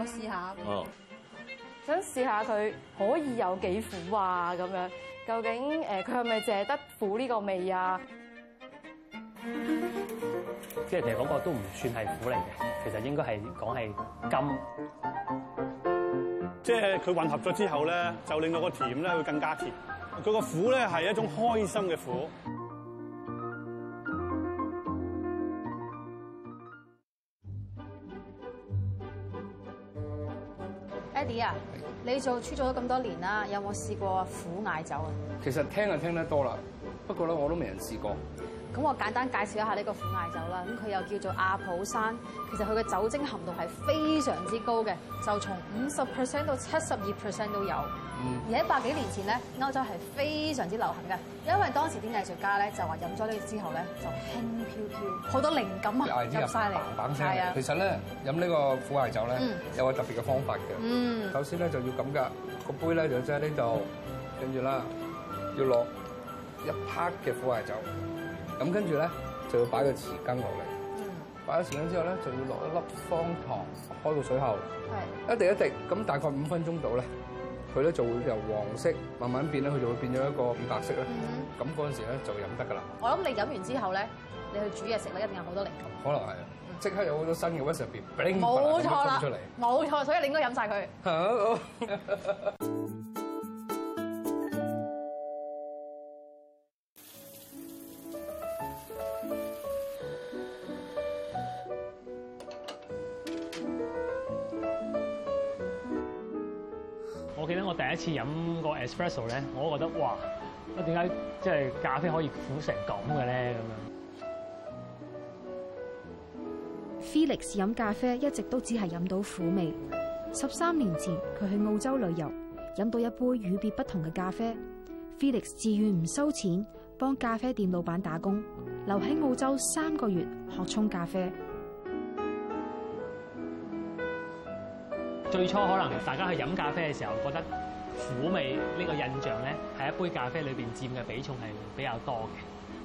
我試下，oh. 想試下佢可以有幾苦啊？咁樣究竟誒，佢係咪淨係得苦呢個味啊？即係其實嗰個都唔算係苦嚟嘅，其實應該係講係甘。即係佢混合咗之後咧，就令到個甜咧會更加甜。佢個苦咧係一種開心嘅苦。你做出咗咁多年啦，有冇試過苦艾酒啊？其實聽就聽得多啦，不過咧我都未人試過。咁我簡單介紹一下呢個苦艾酒啦，咁佢又叫做阿普山，其實佢嘅酒精含度係非常之高嘅，就從五十 percent 到七十二 percent 都有。嗯。而喺百幾年前咧，歐洲係非常之流行嘅，因為當時啲藝術家咧就話飲咗呢之後咧就輕飄飄，好多靈感啊，入曬嚟。砰啊、嗯！其實咧飲呢個苦艾酒咧、嗯、有個特別嘅方法嘅。嗯。首先咧就要咁嘅個杯咧，養生、嗯、呢就跟住啦，要落一克嘅苦艾酒。咁跟住咧，就要擺個匙羹落嚟。嗯。擺咗匙羹之後咧，就要落一粒方糖，開到水喉。係。一滴一滴，咁大概五分鐘度咧，佢咧就會由黃色慢慢變咧，佢就會變咗一個乳白色啦。嗯。咁嗰陣時咧就飲得噶啦。我諗你飲完之後咧，你去煮嘢食咧一定有好多靈感。可能係，即刻有好多新嘅 WhatsApp 冇錯啦。噶噶出嚟，冇錯，所以你應該飲晒佢。 我第一次飲個 espresso 咧，我覺得哇，我點解即係咖啡可以苦成咁嘅咧？咁樣。Felix 飲咖啡一直都只係飲到苦味。十三年前，佢去澳洲旅遊，飲到一杯與別不同嘅咖啡。Felix 自願唔收錢，幫咖啡店老闆打工，留喺澳洲三個月學沖咖啡。最初可能大家去飲咖啡嘅時候，覺得苦味呢個印象咧，喺一杯咖啡裏邊佔嘅比重係比較多嘅。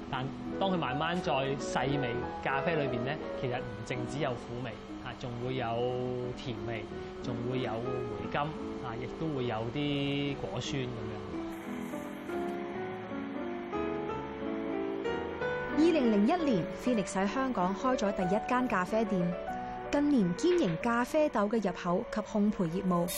但當佢慢慢再細味咖啡裏邊咧，其實唔淨止有苦味，嚇，仲會有甜味，仲會有回甘，嚇，亦都會有啲果酸咁樣。二零零一年，Felix 喺香港開咗第一間咖啡店。近年兼營咖啡豆嘅入口及烘焙業務。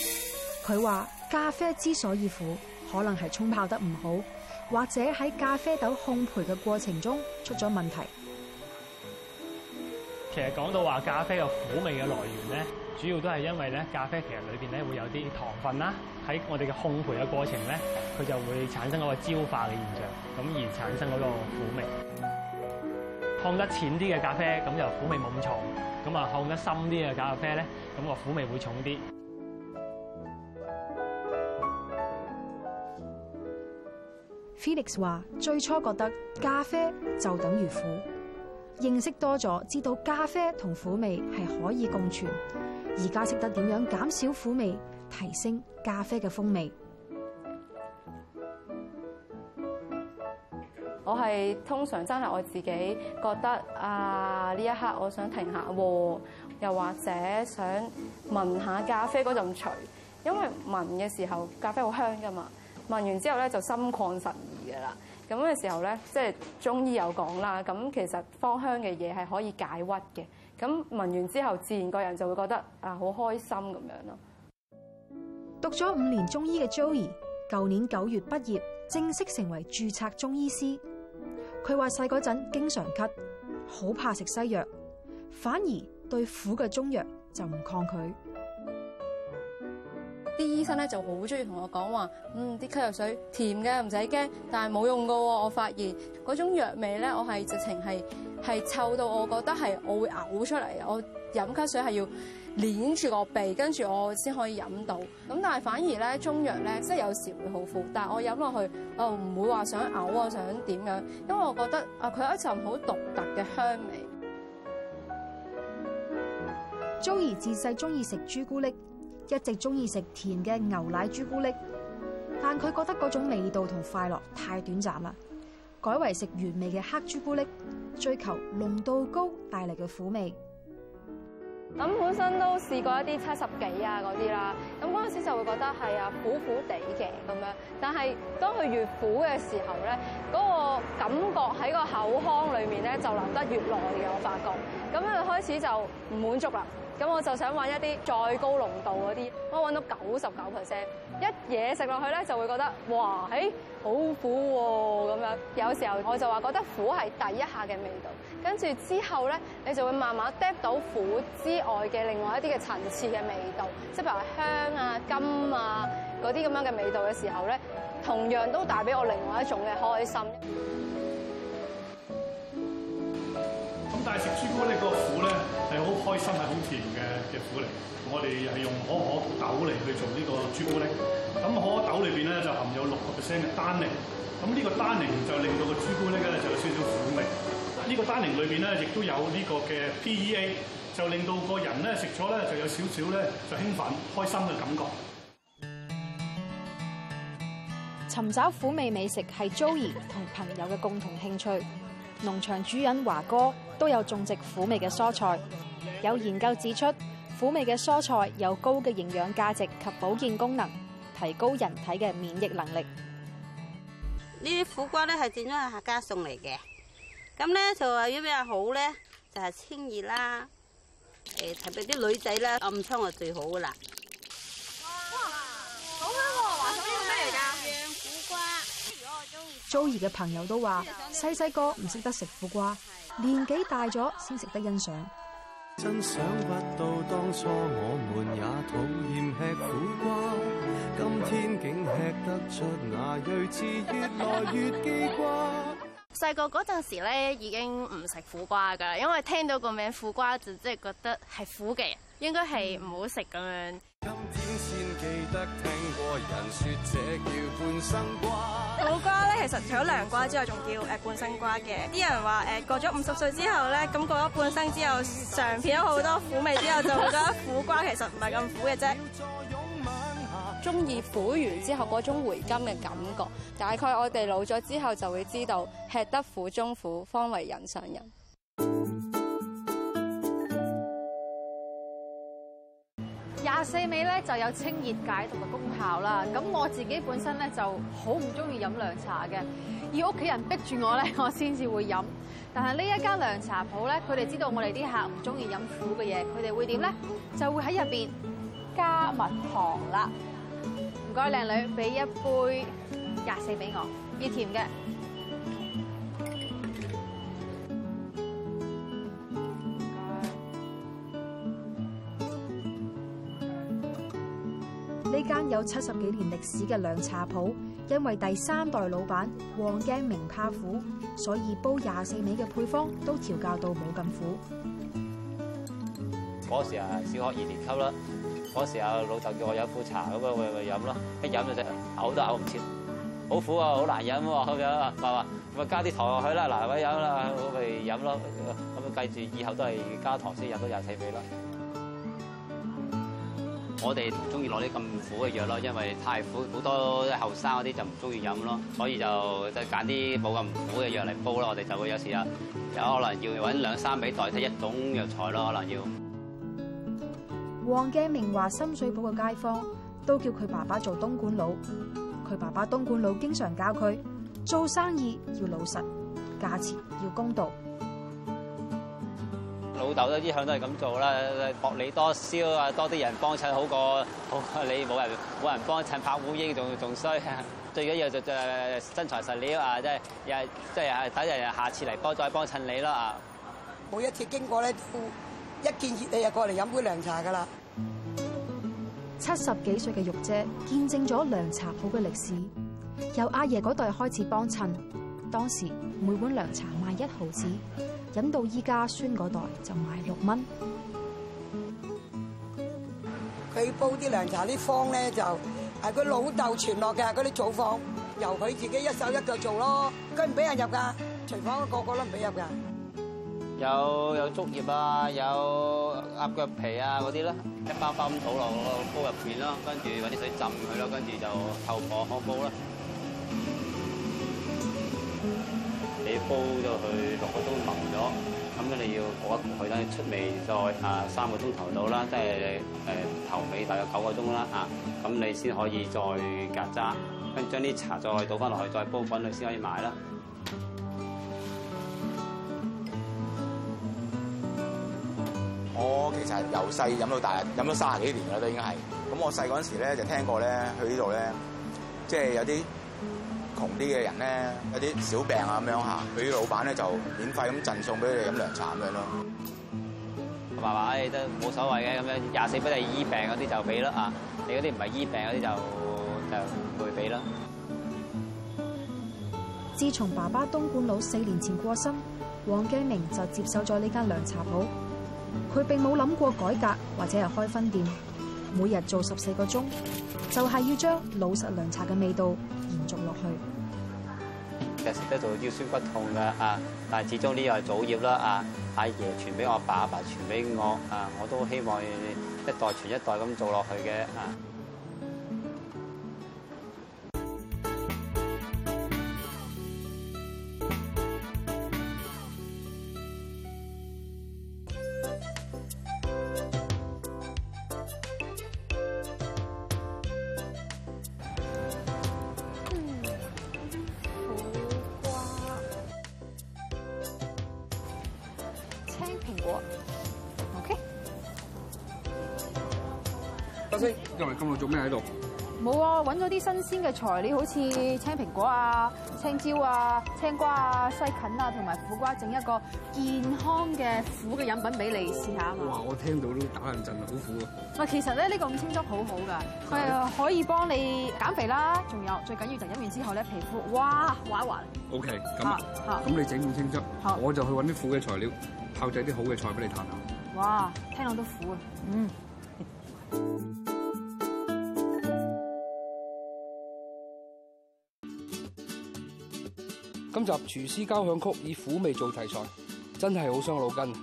佢話咖啡之所以苦，可能係沖泡得唔好，或者喺咖啡豆烘焙嘅過程中出咗問題。其實講到話咖啡嘅苦味嘅來源咧，主要都係因為咧，咖啡其實裏邊咧會有啲糖分啦，喺我哋嘅烘焙嘅過程咧，佢就會產生嗰個焦化嘅現象，咁而產生嗰個苦味。烘得淺啲嘅咖啡，咁就苦味冇咁重。咁啊，烘得深啲嘅咖啡咧，咁個苦味會重啲。Felix 話：最初覺得咖啡就等於苦，認識多咗，知道咖啡同苦味係可以共存。而家識得點樣減少苦味，提升咖啡嘅風味。我係通常真係我自己覺得啊，呢一刻我想停下喎，又或者想聞下咖啡嗰陣除，因為聞嘅時候咖啡好香㗎嘛。聞完之後咧就心曠神怡㗎啦。咁嘅時候咧，即係中醫有講啦。咁其實芳香嘅嘢係可以解鬱嘅。咁聞完之後，自然個人就會覺得啊好開心咁樣咯。讀咗五年中醫嘅 Joey，舊年九月畢業，正式成為註冊中醫師。佢話細嗰陣經常咳，好怕食西藥，反而對苦嘅中藥就唔抗拒。啲醫生咧就好中意同我講話，嗯，啲咳藥水甜嘅唔使驚，但係冇用㗎。我發現嗰種藥味咧，我係直情係係臭到我覺得係我會嘔出嚟我。飲吸水係要捏住個鼻，跟住我先可以飲到。咁但係反而咧，中藥咧，即係有時會好苦，但係我飲落去，我唔會話想嘔啊，我想點樣？因為我覺得啊，佢有一陣好獨特嘅香味。Joey 自細鍾意食朱古力，一直鍾意食甜嘅牛奶朱古力，但佢覺得嗰種味道同快樂太短暫啦，改為食原味嘅黑朱古力，追求濃度高帶嚟嘅苦味。咁本身都試過一啲七十幾啊嗰啲啦，咁嗰陣時就會覺得係啊苦苦地嘅咁樣，但係當佢越苦嘅時候咧，嗰個感覺喺個口腔裏面咧就留得越耐嘅，我發覺，咁佢開始就唔滿足啦，咁我就想搵一啲再高濃度嗰啲，我搵到九十九 percent，一嘢食落去咧就會覺得哇，誒好苦喎咁樣，有時候我就話覺得苦係第一下嘅味道。跟住之後咧，你就會慢慢嗒到苦之外嘅另外一啲嘅層次嘅味道，即係譬如話香啊、甘啊嗰啲咁樣嘅味道嘅時候咧，同樣都帶俾我另外一種嘅開心。咁但係食朱古力個苦咧係好開心，係好甜嘅嘅苦嚟，我哋係用可可豆嚟去做呢個朱古力。咁可可豆裏邊咧就含有六個 percent 嘅丹寧，咁呢個丹寧就令到個朱古力咧就有少少苦味。呢、個單寧裏面咧，亦都有呢個嘅 PEA，就令到個人咧食咗咧就有少少咧就興奮、開心嘅感覺。尋找苦味美食係 Joey 同朋友嘅共同興趣。農場主人華哥都有種植苦味嘅蔬菜。有研究指出，苦味嘅蔬菜有高嘅營養價值及保健功能，提高人體嘅免疫能力。呢啲苦瓜咧係點樣客家送嚟嘅。咁咧就係有咩好咧？就係清熱啦，誒特別啲女仔啦，暗瘡啊最好噶啦。哇！好香喎，話咗呢個咩嚟噶？養苦瓜。如果我中意。中意嘅朋友都話，細細個唔識得食苦瓜，年紀大咗先食得欣賞。真想不到當初我們也討厭吃苦瓜，今天竟吃得出那睿智，越來越記掛。細個嗰陣時咧，已經唔食苦瓜㗎，因為聽到個名苦瓜就即係覺得係苦嘅，應該係唔好食咁樣。苦瓜咧，其實除咗涼瓜之外，仲叫誒、呃、半生瓜嘅。啲人話誒過咗五十歲之後咧，咁過咗半生之後，嘗遍咗好多苦味之後，就覺得苦瓜其實唔係咁苦嘅啫。中意苦完之後嗰種回甘嘅感覺，大概我哋老咗之後就會知道，吃得苦中苦，方為人上人。廿四味咧就有清熱解毒嘅功效啦。咁我自己本身咧就好唔中意飲涼茶嘅，要屋企人逼住我咧，我先至會飲。但係呢一間涼茶鋪咧，佢哋知道我哋啲客唔中意飲苦嘅嘢，佢哋會點咧？就會喺入邊加蜜糖啦。唔該，靚女，俾一杯廿四俾我，要甜嘅。呢、嗯、間有七十幾年歷史嘅涼茶鋪，因為第三代老闆黃鏡明怕苦，所以煲廿四味嘅配方都調教到冇咁苦。嗰時啊，小學二年級啦。嗰時候，老豆叫我飲苦茶，咁啊，我咪飲咯。一飲就成，嘔都嘔唔切，好苦啊，好難飲喎。咁樣啊，話話咪加啲糖落去啦，嗱，咪飲啦，我咪飲咯。咁啊，計住以後都係加糖先飲到廿四味咯。我哋唔中意攞啲咁苦嘅藥咯，因為太苦，好多後生嗰啲就唔中意飲咯。所以就即係揀啲冇咁苦嘅藥嚟煲咯。我哋就會有時啊，有可能要揾兩三味代替一種藥材咯，可能要。黃鏡明話：深水埗嘅街坊都叫佢爸爸做東莞佬，佢爸爸東莞佬經常教佢做生意要老實，價錢要公道。老豆都一向都係咁做啦，薄利多銷啊，多啲人幫襯好過好過你冇人冇人幫襯拍烏蠅仲，仲衰。最緊要就就係真材實料啊，即係又即係等人下次嚟幫再幫襯你啦啊！每一次經過咧，一見熱你就過嚟飲杯涼茶噶啦。七十幾歲嘅玉姐見證咗涼茶鋪嘅歷史，由阿爺嗰代開始幫襯，當時每碗涼茶賣一毫子，飲到依家孫嗰代就賣六蚊。佢煲啲涼茶啲方咧，就係佢老豆傳落嘅嗰啲祖方，由佢自己一手一腳做咯，佢唔俾人入噶，廚房個個都唔俾入噶。有有竹葉啊，有鴨腳皮啊嗰啲啦。一包一包咁倒落煲入邊啦，跟住揾啲水浸佢咯，跟住就透火開煲啦。你煲咗佢六個鐘腍咗，咁你要焗一焗佢啦，出味再啊三個鐘頭到啦，即係誒、呃、頭尾大約九個鐘啦啊，咁你先可以再隔渣，跟住將啲茶再倒翻落去，再煲滾佢先可以賣啦。其實由細飲到大，飲咗卅幾年啦都應該係。咁我細嗰陣時咧就聽過咧，去呢度咧，即係有啲窮啲嘅人咧，有啲小病啊咁樣嚇，佢啲老闆咧就免費咁贈送俾佢哋飲涼茶咁樣咯。爸爸你都冇所謂嘅咁樣，廿四不離醫病嗰啲就俾啦啊，你嗰啲唔係醫病嗰啲就就唔會俾啦。自從爸爸東莞佬四年前過身，黃基明就接手咗呢間涼茶鋪。佢並冇諗過改革或者係開分店，每日做十四個鐘，就係、是、要將老實涼茶嘅味道延續落去。其實食得做腰酸骨痛嘅啊，但係始終呢又係祖業啦啊，阿爺傳俾我阿爸，阿爸傳俾我啊，我都希望一代傳一代咁做落去嘅啊。今日今日做咩喺度？冇啊，揾咗啲新鮮嘅材料，好似青蘋果啊、青椒啊、青瓜啊、西芹啊，同埋苦瓜，整一個健康嘅苦嘅飲品俾你試下哇，我聽到都打冷震啊，好苦啊！唔，其實咧呢個五青汁好好噶，佢可以幫你減肥啦，仲有最緊要就飲完之後咧皮膚哇滑一滑。O K，咁咁你整五青汁，我就去揾啲苦嘅材料泡製啲好嘅菜俾你嘆下。哇，聽講都苦啊，嗯。集廚師交響曲以苦味做題材，真係好傷腦筋。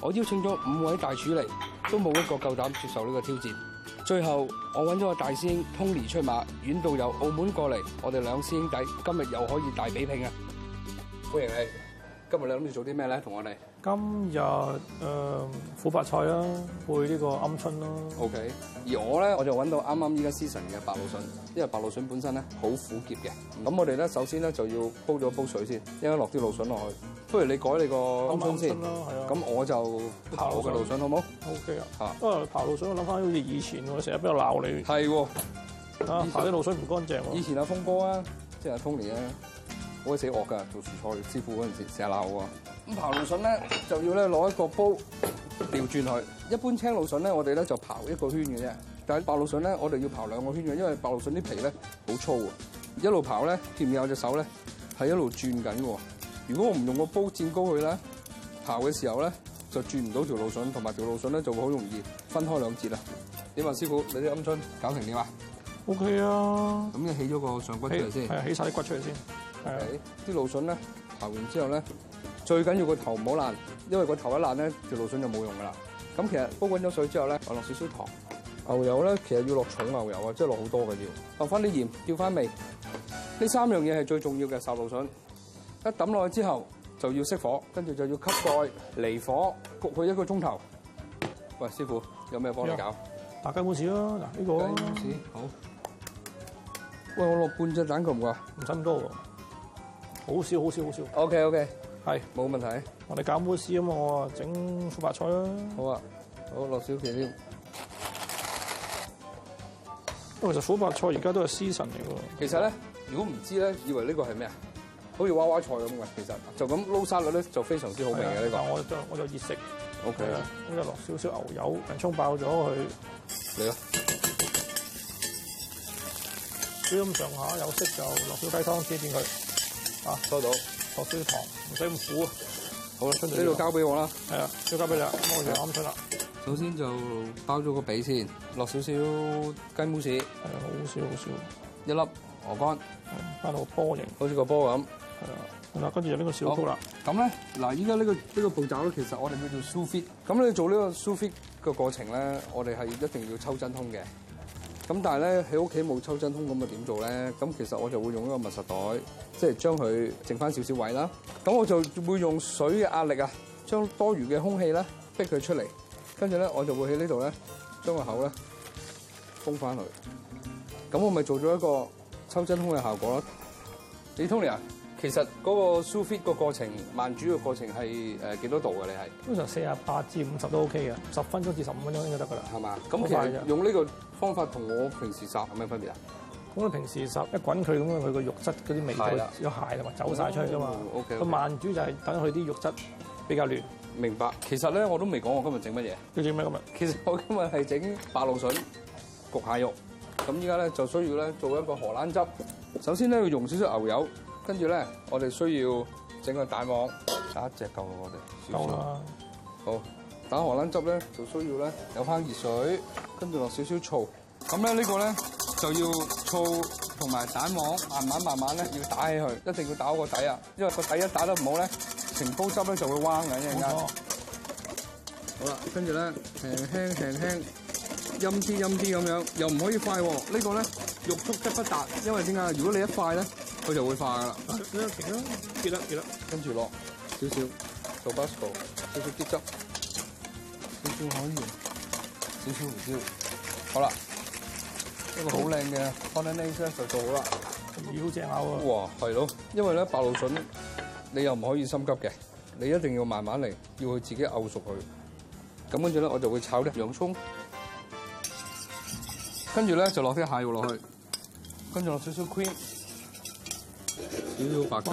我邀請咗五位大廚嚟，都冇一個夠膽接受呢個挑戰。最後我揾咗個大師兄通 o 出馬，遠度由澳門過嚟，我哋兩師兄弟今日又可以大比拼啊！歡迎你。今日你諗住做啲咩咧？同我哋今日誒苦白菜啦、啊，配呢個鵪鶉咯、啊。OK，而我咧我就揾到啱啱依家 season 嘅白露筍，因為白露筍本身咧好苦澀嘅。咁我哋咧首先咧就要煲咗煲水先，應該落啲露筍落去。不如你改你個鵪鶉先啦，係啊。咁、啊、我就刨嘅露筍好唔好？OK 啊。嚇、啊，因為刨露筍我諗翻好似以前的，我成日俾我鬧你。係喎、啊，嚇刨啲露筍唔乾淨喎、啊。以前阿峰哥啊，即係阿 Tony 啊。好鬼死惡㗎！做廚菜師傅嗰陣時，成日鬧我。咁刨蘆筍咧，就要咧攞一個煲調轉佢。一般青蘆筍咧，我哋咧就刨一個圈嘅啫。但係白蘆筍咧，我哋要刨兩個圈嘅，因為白蘆筍啲皮咧好粗啊。一路刨咧，見唔見有隻手咧係一路轉緊㗎？如果我唔用個煲剪高佢咧，刨嘅時候咧就轉唔到條蘆筍，同埋條蘆筍咧就會好容易分開兩截啦。你問師傅，你啲鵪鶉搞成點啊？OK 啊！咁你起咗個上骨出嚟先，係起晒啲骨出嚟先。啲、okay. 蘆筍咧，刨完之後咧，最緊要個頭唔好爛，因為個頭一爛咧，條蘆筍就冇用噶啦。咁其實煲滾咗水之後咧，我落少少糖，牛油咧其實要落重牛油啊，即係落好多嘅要，落翻啲鹽，調翻味。呢三樣嘢係最重要嘅，炒蘆筍。一揼落去之後，就要熄火，跟住就要吸蓋，蓋離火焗佢一個鐘頭。喂，師傅有咩幫你搞、這個？大家冇事咯，嗱、這、呢個。好。喂，我落半隻蛋夠唔夠啊？唔使咁多喎。好少好少好少。OK OK，係冇問題。我哋搞杯絲咁嘛，我整苦白菜啦。好啊，好，落少少先。其實苦白菜而家都係 season 嚟嘅。其實咧，如果唔知咧，以為呢個係咩啊？好似娃娃菜咁嘅。其實就咁撈沙律咧，就非常之好味嘅，呢個我。我就我就熱食。OK，咁就落少少牛油，蔥爆咗佢。嚟咯，咁上下有色就落少雞湯，先煎佢。啊，收到，落少啲糖，唔使咁苦。啊。好啦，呢度，這個、交俾我啦。係啊，交俾你，咁我哋啱出啦。首先就包咗個髀先，落少少雞慕士。係啊，好少好少，一粒鵝肝，搞到波形，好似個波咁。係啊，好嗱，跟住有呢、這個小煲啦。咁咧，嗱，依家呢個呢個步驟咧，其實我哋叫做 Sufit。咁你做呢個 Sufit 嘅過程咧，我哋係一定要抽真空嘅。咁但係咧，喺屋企冇抽真空咁啊，點做咧？咁其實我就會用一個密實袋，即係將佢剩翻少少位啦。咁我就會用水嘅壓力啊，將多餘嘅空氣咧逼佢出嚟。跟住咧，我就會喺呢度咧將個口咧封翻佢。咁我咪做咗一個抽真空嘅效果咯。李通利啊！其實嗰個 sous-vide 個過程，慢煮個過程係誒幾多度㗎？你係通常四十八至五十都 O K 嘅，十分鐘至十五分鐘應該得㗎啦，係嘛？咁其實用呢個方法同我平時烚有咩分別啊？咁你平時烚一滾佢咁啊，佢個肉質嗰啲味道有蟹啊嘛，走晒出去㗎嘛。O K。個慢煮就係等佢啲肉質比較嫩。明白。其實咧我都未講我今日整乜嘢。要整咩今日？其實我今日係整白露筍焗蟹肉。咁依家咧就需要咧做一個荷蘭汁。首先咧要用少少牛油。跟住咧，我哋需要整個蛋黃打一隻夠啦，我哋少啦。點點啊、好打荷蘭汁咧，就需要咧有返熱水，跟住落少少醋。咁咧呢、呢個咧就要醋同埋蛋黃，慢慢慢慢咧要打起佢，一定要打個底啊！因為個底一打得唔好咧，成煲汁咧就會彎嘅，一陣間好啦。跟住咧，輕輕輕輕，陰啲陰啲咁樣，又唔可以快啊。呢個、呢個咧欲速則不達，因為點解？如果你一快咧，佢就會化噶啦，攰啦，攰啦，攰啦，攰啦，跟住落少少做 basil，少少芥汁，少少海鹽，少少胡椒，好啦，一個好靚嘅 contamination 就做好啦。魚好正咬啊！哇，係咯，因為咧白蘆筍你又唔可以心急嘅，你一定要慢慢嚟，要佢自己漚熟佢。咁跟住咧，我就會炒啲洋葱，跟住咧就落啲蟹肉落去，跟住落少少 cream。少少白酒，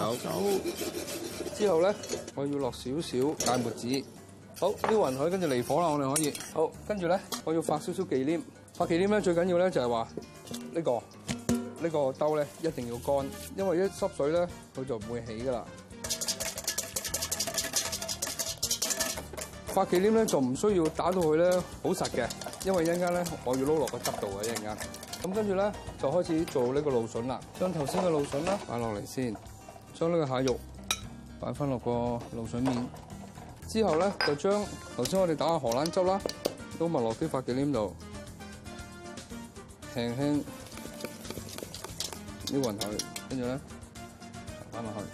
之後咧，我要落少少芥末子。好，撩勻佢，跟住離火啦，我哋可以。好，跟住咧，我要發少少忌廉。發忌廉咧，最緊要咧就係話呢個呢個兜咧一定要乾，因為一濕水咧，佢就唔會起噶啦。發忌廉咧就唔需要打到佢咧好實嘅，因為一陣間咧我要撈落個汁度啊，一陣間。咁跟住咧，就開始做個呢個蘆筍啦。將頭先嘅蘆筍啦擺落嚟先，將呢個蟹肉擺翻落個蘆筍面。之後咧，就將頭先我哋打嘅荷蘭汁啦，都密落啲發嘅攤度，輕輕啲混勻，跟住咧擺落去，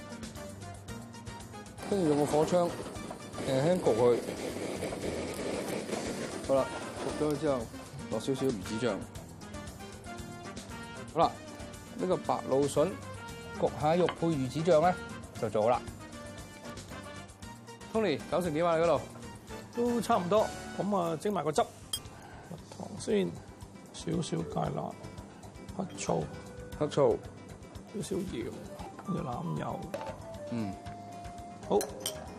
跟住用個火槍輕輕焗佢。好啦，焗咗之後，落少少魚子醬。好啦，呢、這個白露筍焗蟹肉配魚子醬咧，就做好啦。Tony，搞成點啊？你嗰度都差唔多。咁啊，整埋個汁，蜜糖先，少少芥辣，黑醋，黑醋，少少鹽，熱欖油。嗯，好，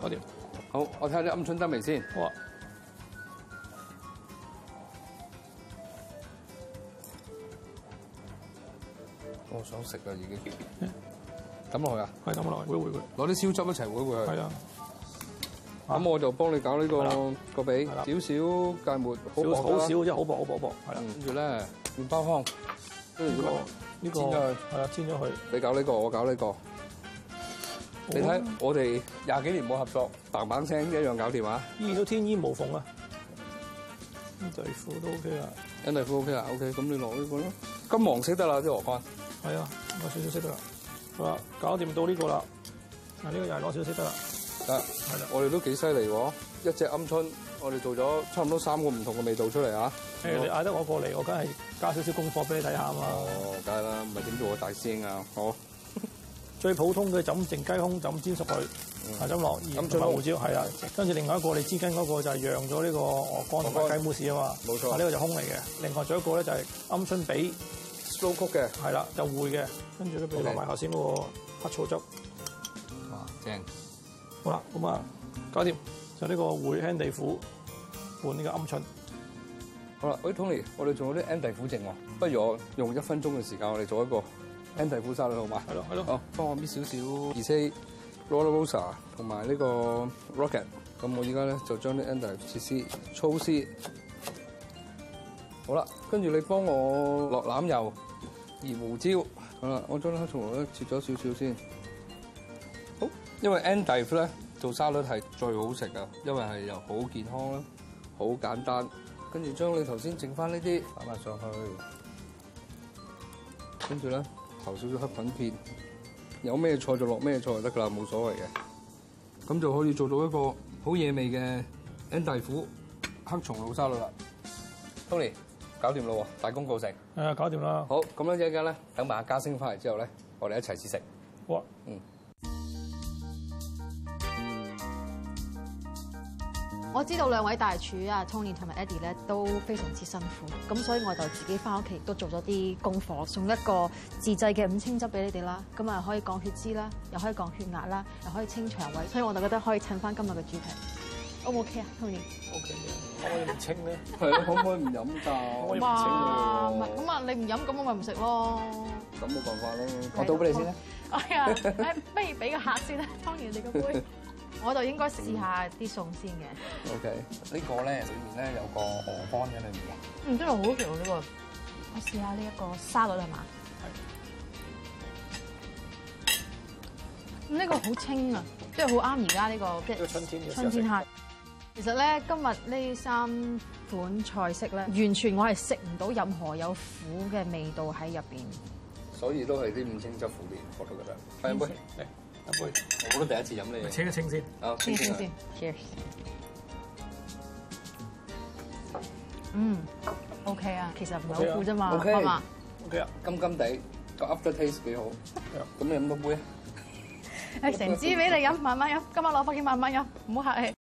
嗰條，好，我睇下啲鵪鶉得未先？好啊。我想食啦，已經抌落去啊，係抌落去，攪攪佢，攞啲燒汁一齊攪攪佢。係啊，咁我就幫你搞呢個個髀少少芥末，好薄啦，好少即係好薄好薄薄。係啦，跟住咧麪包糠跟住呢個煎咗去，係啦，煎咗去。你搞呢個，我搞呢個。你睇我哋廿幾年冇合作，砰砰聲一樣搞掂啊！依然都天衣無縫啊！內褲都 OK 啊，內褲 OK 啊，OK。咁你攞呢個咯，金黃色得啦，隻鑊蓋。係啊，攞少少食得啦，好啦，搞掂到呢個啦，嗱、這、呢個又係攞少少食得啦，得係啦，我哋都幾犀利喎，一隻鵪鶉，我哋做咗差唔多三個唔同嘅味道出嚟啊，誒、哎，你嗌得我過嚟，我梗係加少少功課俾你睇下啊嘛，哦，梗係啦，唔係點做啊，大師兄啊，好， 最普通嘅浸淨雞胸，浸煎熟佢，下浸落鹽同胡椒，係、嗯、啦，跟住、嗯、另外一個你之間嗰個就係釀咗呢個鵝肝同埋雞慕斯啊嘛，冇錯，呢、啊這個就空嚟嘅，另外仲有一個咧就係鵪鶉髀。Low 曲嘅，係啦，就會嘅，跟住咧，譬如落埋頭先嗰個黑醋汁。哇，正！好啦，咁啊，搞掂，就呢個會 endive 換呢個暗春。好啦，喂 Tony，我哋仲有啲 endive 剩喎，不如我用一分鐘嘅時間，我哋做一個 endive 沙律，好嗎？係咯，係咯，好，幫我搣少少，而且 Lollo Rosso 同埋呢個 Rocket，咁我依家咧就將啲 endive 設施措施。好啦，跟住你幫我落欖油、而胡椒，好啦，我將黑松露切咗少少先。好，因為 endive 呢咧做沙律係最好食㗎，因為係又好健康啦，好簡單。跟住將你頭先整翻呢啲擺埋上去，跟住咧投少少黑粉片，有咩菜就落咩菜就得噶啦，冇所謂嘅。咁就可以做到一個好野味嘅 endive 黑松露沙律啦，Tony。搞掂咯，大功告成。誒、嗯，搞掂啦。好，咁樣一陣間咧，等埋阿嘉升翻嚟之後咧，我哋一齊試食。哇！嗯，我知道兩位大廚啊，聰聰同埋 Eddie 咧都非常之辛苦，咁所以我就自己翻屋企都做咗啲功課，送一個自製嘅五青汁俾你哋啦。咁啊，可以降血脂啦，又可以降血壓啦，又可以清腸胃，所以我就覺得可以襯翻今日嘅主題。O 唔 O K 啊，湯圓？O K 啊，可唔可以唔清咧？係啊，可唔可以唔飲啖？哇！咁啊，你唔飲咁我咪唔食咯。咁、啊、冇、啊啊啊、辦法啦，我倒俾你先啦。哎 呀、啊啊啊，不如俾個客先啦，湯圓你個杯，我就應該試下啲餸先嘅。O、okay. K，呢，裡呢個咧裏面咧有個鵝肝喺裏面嘅。唔知好好食呢個？我試下呢一個沙律係嘛？係。呢個好清啊，即係好啱而家呢個即係、啊這個這個、春天嘅春天蟹。其實咧，今日呢三款菜式咧，完全我係食唔到任何有苦嘅味道喺入邊。所以都係啲唔清汁苦啲，我都覺得。翻一杯嚟一杯，我都第一次飲呢嘢。清一清先。啊，清清。Cheers。嗯，OK 啊，其實唔係好苦啫嘛，啱嘛。OK 啊，甘甘哋，個 after taste 幾好。咁你飲多杯啊！哎，成支俾你飲，慢慢飲。今晚攞翻去慢慢飲，唔好客氣。